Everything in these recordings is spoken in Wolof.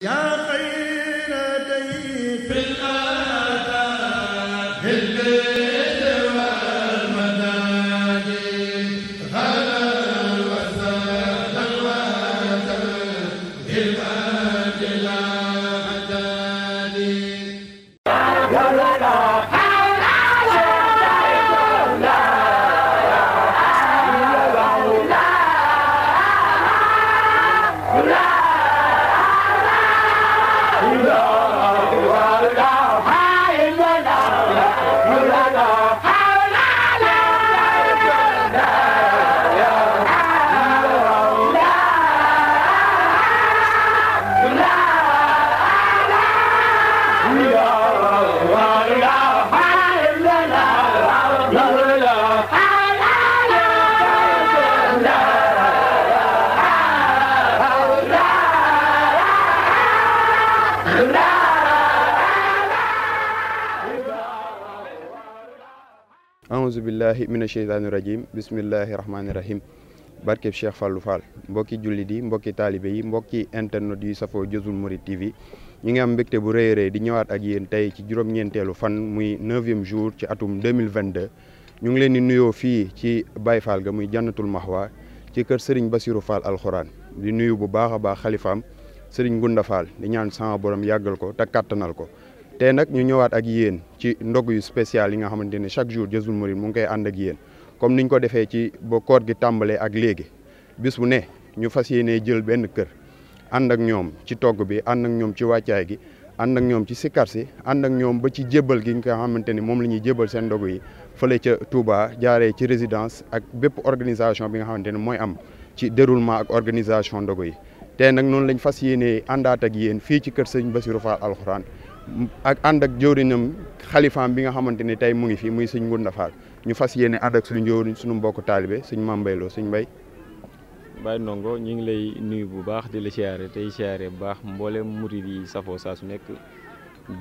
yaa aousubillahi mina sheytaani rajim bismillahi rahmaani rahim barkeb Cheikh Fallou Fall mbokki jullit yi mbokki taalibe yi mbokki internet yi safoo Jazboul Mouride TV ñu ngi am mbégte bu rëy rëy di ñëwaat ak yéen tey ci juróom-ñeenteelu fan muy neuvième jour ci atum 2022 ñu ngi leen di nuyoo fii ci Baye Fall ga muy jannatul mahwa ci kër Serigne Bassirou Fall alxuraan di nuyu bu baax a baax xalifaam Serigne Gunda Fall di ñaan sama borom yàggal ko te kattanal ko tey nag ñu ñëwaat ak yéen ci ndogu yu spécial yi nga xamante ne chaque jour Jazboul Mouride mu ngi koy ànd ak yéen comme niñ ko defee ci ba koor gi tàmbalee ak léegi bis bu ne ñu fas yéenee jël benn kër ànd ak ñoom ci togg bi ànd ak ñoom ci wàccaay gi ànd ak ñoom ci sikkar si ànd ak ñoom ba ci jëbal gi nga xamante ni moom la ñuy jébbal seen ndogu yi fële ca Touba jaaree ci résidence ak bépp organisation bi nga xamante ne mooy am ci déroulement ak organisation yi tey nag noonu lañ fas yéenee àndaat ak yéen fii ci kër sëñ Bassirou Fall alxuraan ak ànd ak jëwriñam xalifaam bi nga xamante ni tey mu ngi fi muy suñ Ngounda Fall ñu fas yéene ànd ak suñu jëwriñ suñu mbokk taalibe sëñ Mame Mbaye Lo sëñ Mbaye Baye Ndongo ñu ngi lay nuyu bu baax di la siyaare tey siyaare bu baax mboolem murid yi safoo saa su nekk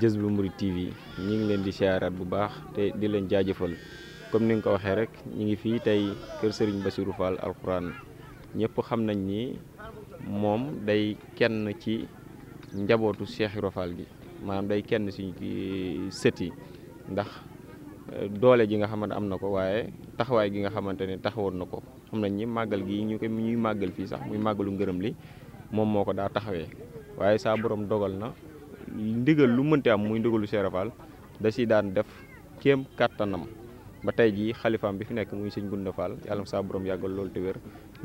Jazboul Mouride TV ñu ngi leen di siyaaraat bu baax te di leen jaajëfal comme ni nga ko waxee rek ñu ngi fii tey kër Serigne Bassirou Fall alxuraan ñëpp xam nañ ni moom day kenn ci njabootu Cheikh Ibra gi. maam day kenn si ci yi ndax euh, doole ji nga xamante am na ko waaye taxawaay gi nga xamante ne taxawoon na ko xam na ñi màggal gi ñu ko ñuy màggal fii sax muy màggalu ngërëm li moom moo ko daa taxawee waaye saa borom dogal na ndigal lu mënti am muy ndigalu Cheikh Fall da si daan def kem kàttanam ba tey jii xalifaam bi fi nekk muy sëñ Gunda Fall yàlla saa borom yàggal loolu te wér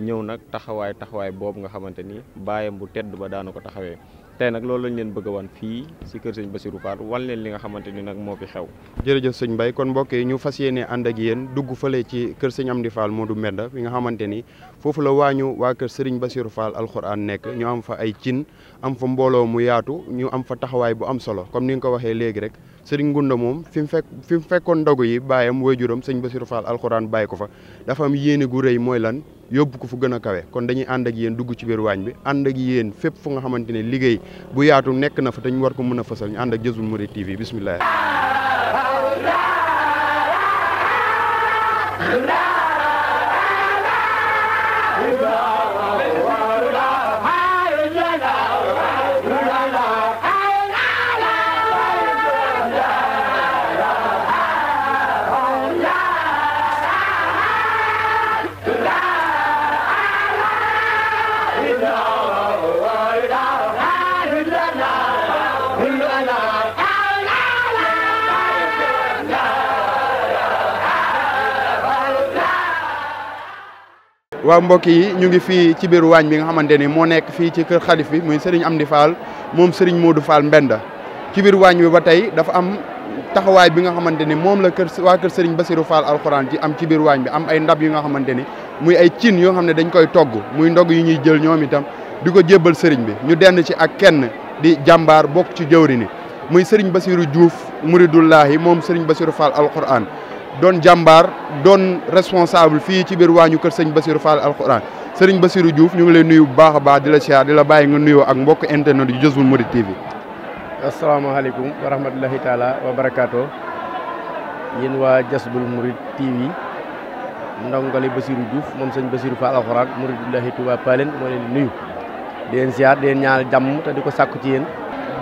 ñëw nag taxawaay taxawaay boobu nga xamante ni baayam bu tedd ba daana ko taxawee tey nag loolu lañ leen bëgg a fii si kër sëñ Bassirou Fall wan leen li nga xamante ni nag moo bi xew. jërëjëf sëñ Mbaye kon mbokk yi ñu fas yéene ànd ak yéen dugg fële ci kër sëñ Amdi Fall Modou Mbenda bi nga xamante ni foofu la waañu waa kër Serigne Bassirou Fall alxuraan nekk ñu am fa ay cin am fa mbooloo mu yaatu ñu am fa taxawaay bu am solo comme ni nga ko waxee léegi rek Serigne Ngunda moom fi mu fekk fi mu fekkoon ndogu yi baayam waajuram sëñ ba Fall alxuraan bàyyi ko fa dafa am yéene gu rëy mooy lan yóbbu ko fu gën a kawe kon dañuy ànd ak yéen dugg ci biir waañ bi ànd ak yéen fépp fu nga xamante ne liggéey bu yaatu nekk na fa te ñu war ko mën a fësal ñu ànd ak Jazboul Mouride TV bisimilah. waaw mbokk yi ñu ngi fii ci biir waañ bi nga xamante ni moo nekk fii ci kër xalif bi muy Serigne Amdi Fall moom Serigne Modou Fall Mbenda ci biir waañ bi ba tey dafa am taxawaay bi nga xamante ni moom la kër waa kër Serigne Bassirou Fall alxuraan ci am ci biir waañ bi am ay ndab yu nga xamante ni muy ay cin yoo xam ne dañ koy togg muy ndog yu ñuy jël ñoom itam di ko jébbal sëriñ bi ñu dend ci ak kenn di jàmbaar bokk ci jëwri ni muy Serigne Bassirou Diouf muridullahi moom Serigne Bassirou Fall alxuraan doon jàmbaar doon responsable fii ci biir waañu kër sëñ Bassirou Fall alxuraan sëriñ Bassirou Diouf ñu ngi lay nuyu bu baax a baax di la siyaar di la bàyyi nga nuyoo ak mbokk internet yu Jazboul Mouride TV. asalaamaaleykum wa rahmatulahi taala wa barakaatu yéen waa Jazboul Mouride TV ndongali Bassirou Diouf moom sëñ Bassirou Fall alxuraan Muridullahi Touba Palen moo leen nuyu di leen siyaar di leen ñaanal jàmm di ko sàkku ci yéen.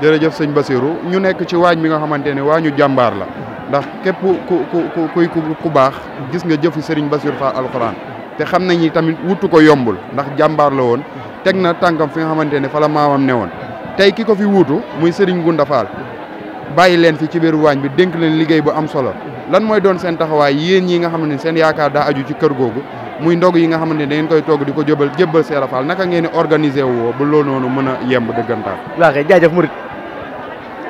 jërëjëf sëñ Bassirou ñu nekk ci waañ mi nga xamante ne waañu jàmbaar la. ndax képp ku ku kuy ku baax gis nga jëfu Serigne Bassirou Fall alxuraan te xam nañ ni tamit wutu ko yombul ndax jàmbaar la woon teg na tànkam fi nga xamante ne fala la maamam ne woon tey ki ko fi wuutu muy Serigne Gunda Fall bàyyi leen fi ci biir waañ bi dénk leen liggéey bu am solo lan mooy doon seen taxawaay yéen ñi nga xamante ne seen yaakaar daa aju ci kër googu muy ndog yi nga xamante ne da koy toog di ko jëbal jëbal Seera Fall naka ngeen di organiser woo ba loolu noonu mën a yemb dëggantaan. waaw kay jaajëf Mouride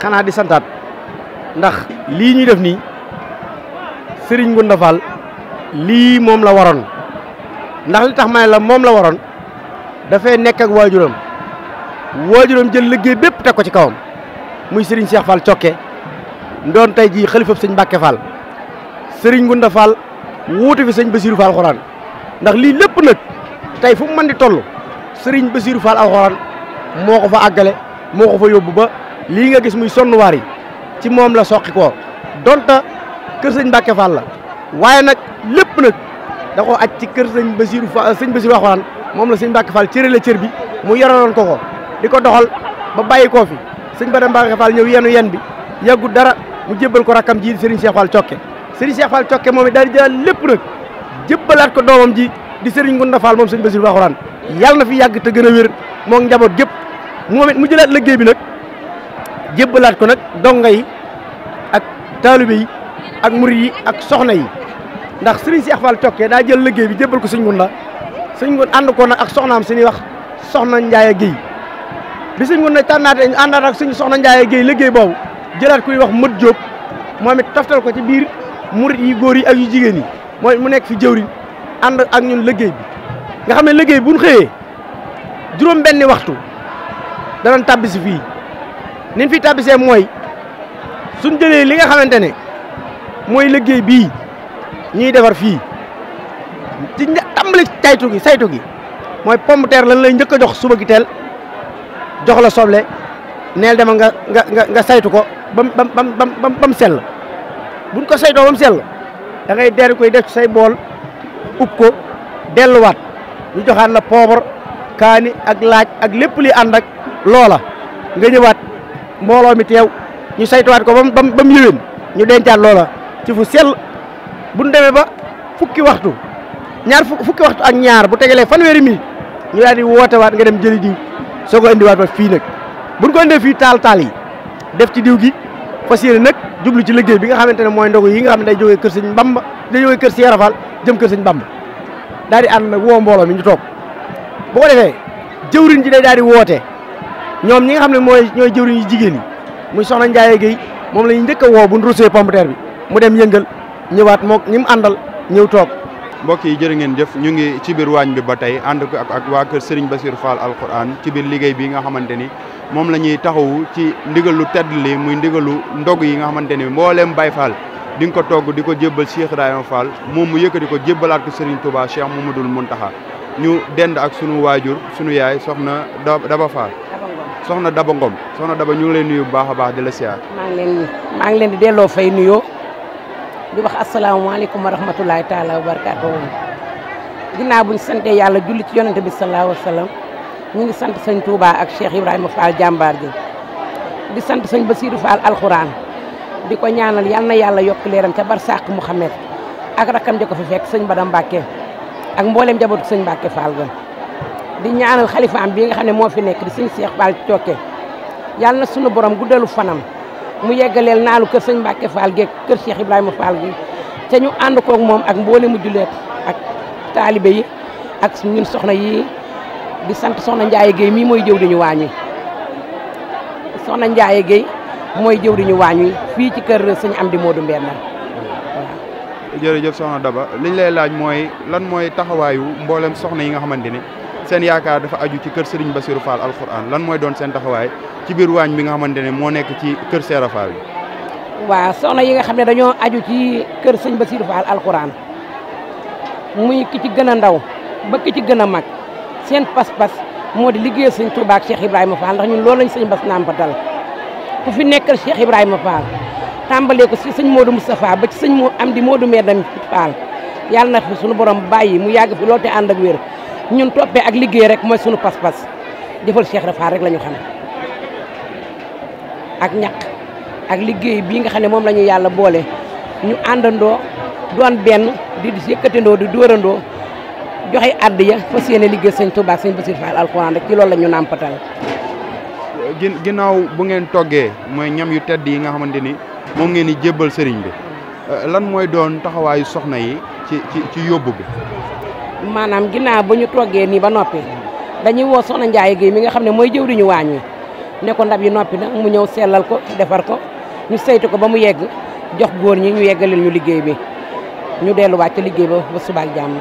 xanaa di santaat. ndax lii ñuy def nii Serigne Ngounda Fall lii moom la waroon ndax li tax ma la moom la waroon dafay nekk ak waajuram waajuram jël liggéey bépp teg ko ci kawam muy Serigne Cheikh Fall cokke doon tey jii xalifab sëñ Mbàkke Fall Serigne Ngounda Fall wuute fi sëñ Basiru Fall xoraan ndax lii lépp nag tey fu mu mën di toll Serigne Basiru Fall alxoraan moo ko fa àggale moo ko fa yóbbu ba lii nga gis muy sonn waar ci moom la soqi koo donta kër sëñ Mbàkke la waaye nag lépp nag da koo aj ci kër sëñ Basiru Fall sëñ Basiru Waxwaan moom la sëñ Mbàkke Fall cëre la cër bi mu yoraloon ko ko di ko doxal ba bàyyi koo fi sëñ Bada Mbàkke Fall ñëw yenu yen bi yàggu dara mu jébbal ko rakkam ji Serigne Cheikh Fall Cokke Serigne Cheikh Fall Cokke moom it daal di jëlaat lépp nag jébbalaat ko doomam ji di sëriñ Ngunda Fall moom sëñ Basiru Waxwaan yàlla na fi yàgg te gën a wér njaboot gépp moom it mu jëlaat liggéey bi nag jébbalaat ko nag donga yi ak taalibe yi ak murid yi ak soxna yi ndax sëriñ Cheikh Fall Tokké daa jël liggéey bi jébbal ko sëñ mun la sëñ mun ànd ko nag ak soxnaam suñuy wax soxna Ndiaye Guèye bi sëñ mun ne tànnaate àndaat ak suñu soxna Ndiaye géey liggéey boobu jëlaat kuy wax mët Diop moom it toftal ko ci biir murid yi góor yi ak yu jigéen yi mooy mu nekk fi jëwriñ ànd ak ñun liggéey bi nga xam ne liggéey bu ñu xëyee juróom benni waxtu danañ tàbbi si nin fi tabbisee mooy suñ jëlee li nga xamante ne mooy liggéey bii ñuy defar fii ci tàmbali saytu gi saytu gi mooy pomme terre lan lay njëkk a jox suba gi teel jox la soble neel demal nga nga nga saytu ko bam bam bam bam sell buñ ko saytoo bam sel da ngay der koy def say bool ub ko delluwaat ñu joxaat la poobar kaani ak laaj ak lépp li ànd ak loola nga ñëwaat mbooloo mi teew ñu saytuwaat ko ba bam ba mu yëwén ñu dencaat loola ci fu sel bu ñu demee ba fukki waxtu ñaar fukki waxtu ak ñaar bu tegelee fan fanweeri minute ñu daal di wootewaat nga dem jëli diw soo ko indiwaat ba fii nag buñ ko indee fii taal taal yi def ci diw gi fas yéene nag jublu ci liggéey bi nga xamante ne mooy ndogu yi nga xam ne day jógee kër sëñ Bamba day jógee kër Cheikh Rafal jëm kër sëñ Bamba daal di ànd woo mbooloo mi ñu toog bu ko defee jëwriñ ji day daal di ñoom ñi nga xam ne mooy ñooy jëwriñu jigéen ñi muy soxna Ndiaye Guèye moom la ñu njëkk bu ñu rusee pomme de bi mu dem yëngal ñëwaat mook ñi àndal ñëw toog. mbokk yi jërë ngeen jëf ñu ngi ci biir waañ bi ba tey ànd ko ak ak waa kër Serigne Bassirou Fall alquran ci biir liggéey bi nga xamante ni moom la ñuy taxawu ci ndigalu tedd li muy ndigalu ndog yi nga xamante ni mbooleem bay faal dinga ko togg di ko jébbal Cheikh Ibrahima Fall moom mu yëkkati ko jébbalaat ko Serigne Touba Cheikh Mamadou ñu dend ak sunu waajur sunu yaay soxna Daba Fall soxna Daba Ngom soxna Daba ñu ngi lay nuyu bu baax a baax di la siyaar. leen maa ngi leen di delloo fay nuyoo di wax asalaamaaleykum wa rahmatulahi taala wa barakaatuhu. ginnaaw bu ñu sante yàlla julli ci yonente bi salaahu wa salaam ñu ngi sant sëñ Touba ak Cheikh Ibrahima Fall jàmbaar gi di sant sëñ Basiirou Fall alxuraan di ko ñaanal yal na yàlla yokk leeram ca barsàq Muhammad ak rakam ja ko fi fekk sëñ Bada Mbacke ak mboolem jabootu sëñ Mbacke Fall ga di ñaanal xalifaam bii nga xam ne moo fi nekk di sëñ Cheikh Fall Cokke yàlla na sunu borom guddalu fanam mu yeggaleel naalu kër sëñ Mbacke Fall geeg kër Cheikh Ibrahima Fall gi te ñu ànd koog moom ak mboole mu julleet ak taalibe yi ak ñun soxna yi di sant soxna njaay Guèye mi mooy jëw di ñu waañu soxna Ndiaye Guèye mooy jëw di ñu waañu fii ci kër sëñ Amdi Modou Mbenn jërëjëf soxna Daba liñ lay laaj mooy lan mooy taxawaayu mboolem soxna yi nga xamante ne seen yaakaar dafa aju ci kër Serigne Bassirou Fall alxuraan lan mooy doon seen taxawaay ci biir waañ bi nga xamante ne moo nekk ci kër Seera Fall bi. waaw soxna yi nga xam ne dañoo aju ci kër Serigne Bassirou Fall alxuraan muy ki ci gën a ndaw ba ki ci gën a mag seen pas-pas moo di liggéey sëñ Touba seex Cheikh Ibrahima Fall ndax ñun loolu lañ sëñ Bass nàmpatal ku fi nekk Cheikh Ibrahima Fall tàmbalee ko ci sëñ Modou Moustapha ba sëñ moo am di Modou Medam Fall yàlla na fi sunu borom bàyyi mu yàgg fi ànd ak wér. ñun toppee ak liggéey rek mooy sunu pas-pas jëfal Cheikh Rafa rek la ñu xam ak ñaq ak liggéey bii nga xam ne moom la yàlla boole ñu àndandoo doon benn di yëkkatandoo di dóorandoo joxe àdd ya fas yéene liggéey sëñ Touba sëñ Bassirou Fall alxuraan rek nàmpatal. ginnaaw bu ngeen toggee mooy ñam yu tedd yi nga xamante ni moom ngeen di jébbal sëriñ bi euh, lan mooy doon taxawaayu soxna yi ci ci ci yóbbu bi. maanaam ginnaaw ba ñu toggee nii ba noppi dañuy woo soxna Ndiaye Guèye mi nga xam ne mooy jëwriñu waañ wi ne ko ndab yi noppi na mu ñëw sellal ko defar ko ñu saytu ko ba mu yegg jox góor ñi ñu yeggalil ñu liggéey bi ñu delluwaat ci liggéey ba ba suba ak jàmm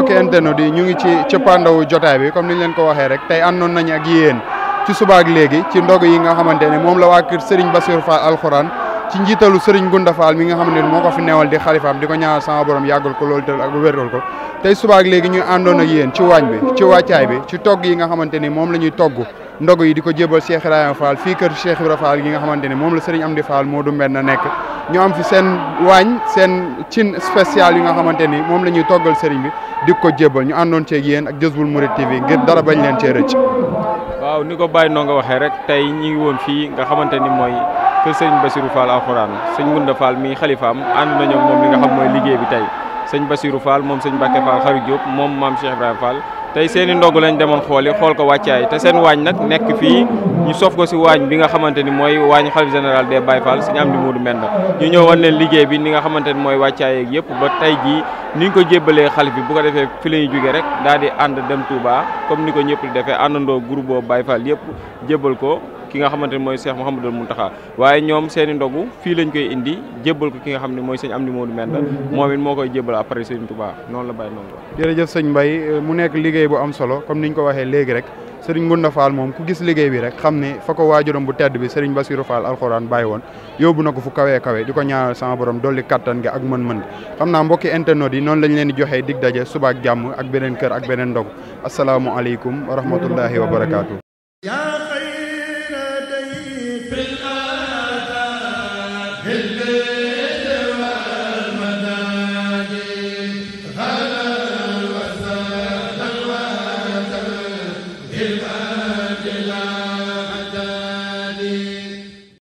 mbokki internet yi ñu ngi ci cëppaandawu jotaay bi comme ni ñu leen ko waxee rek tey àndoon nañu ak yéen ci suba ak léegi ci ndog yi nga xamante ne moom la waa kër Serigne Bassirou Fall alxuraan ci njiitalu Serigne Gunda Fall mi nga xam ne moo ko fi neewal di xalifaam di ko ñaanal sama borom yàggal ko loolu tal ak bu wéral ko tey subaak léegi ñuy àndoon ak yéen ci waañ bi ci wàccaay bi ci togg yi nga xamante ni moom la ñuy togg ndog yi di ko jébal Cheikh Ibrahima Fall fii kër Cheikh Ibrahima yi nga xamante ni moom la Serigne Amdi Fall moo du mbenn na nekk am fi seen waañ seen cin spécial yi nga xamante ni moom la ñuy toggal Serigne bi di ko jébal ñu àndoon ceeg yéen ak Jazboul Mouride TV ngir dara bañ leen cee rëcc waaw ni ko Baye noo nga waxee rek tey ñi ngi woon fii nga xamante ni mooy kër sëñ Basirou Fall alxuraan sëñ Munda Fall mii xalifaam ànd nañu moom li nga bi tey sëñ Basirou Fall moom sëñ Bakke Fall xarit Diop moom maam i xooli xool ko wàccaay te seen waañ nag nekk fii ñu sof ko si waañ bi nga xamante ni mooy waañ xalif général des Baye Fall sëñ Amdi Moodu Mbend ñu ñëw wan leen liggéey bi ni nga xamante ni mooy wàccaay ak yëpp ba tey jii ni ñu ko jébbalee xalif bi bu ko defee fi la ñuy jógee rek daal di ànd dem Touba comme ni ko ñëpp di defee àndandoo groupe boobu Baye Fall jébbal ko ki nga xamante ne mooy Cheikh Mouhamadul Mountakha waaye ñoom seen i ndogu fii lañ koy indi jébbal ko ki nga xam ne mooy am ni moo Modou Menda moom it moo koy jébbal après sëñ Touba noonu la Baye noonu la. nekk liggéey bu am solo comme niñ ko waxee léegi rek sëriñ Ngounda Fall moom ku gis liggéey bi rek xam ne fa ko waajuram bu tedd bi sëriñ Bassirou Fall alxuraan bàyyi woon yóbbu na ko fu kawee kawe di ko ñaanal sama borom dolli kattan gi ak mën-mën xam naa mbokki internet yi noonu lañ leen di joxee dig daje suba ak jàmm ak beneen kër ak beneen ndog asalaamualeykum wa rahmatullahi wa barakaatu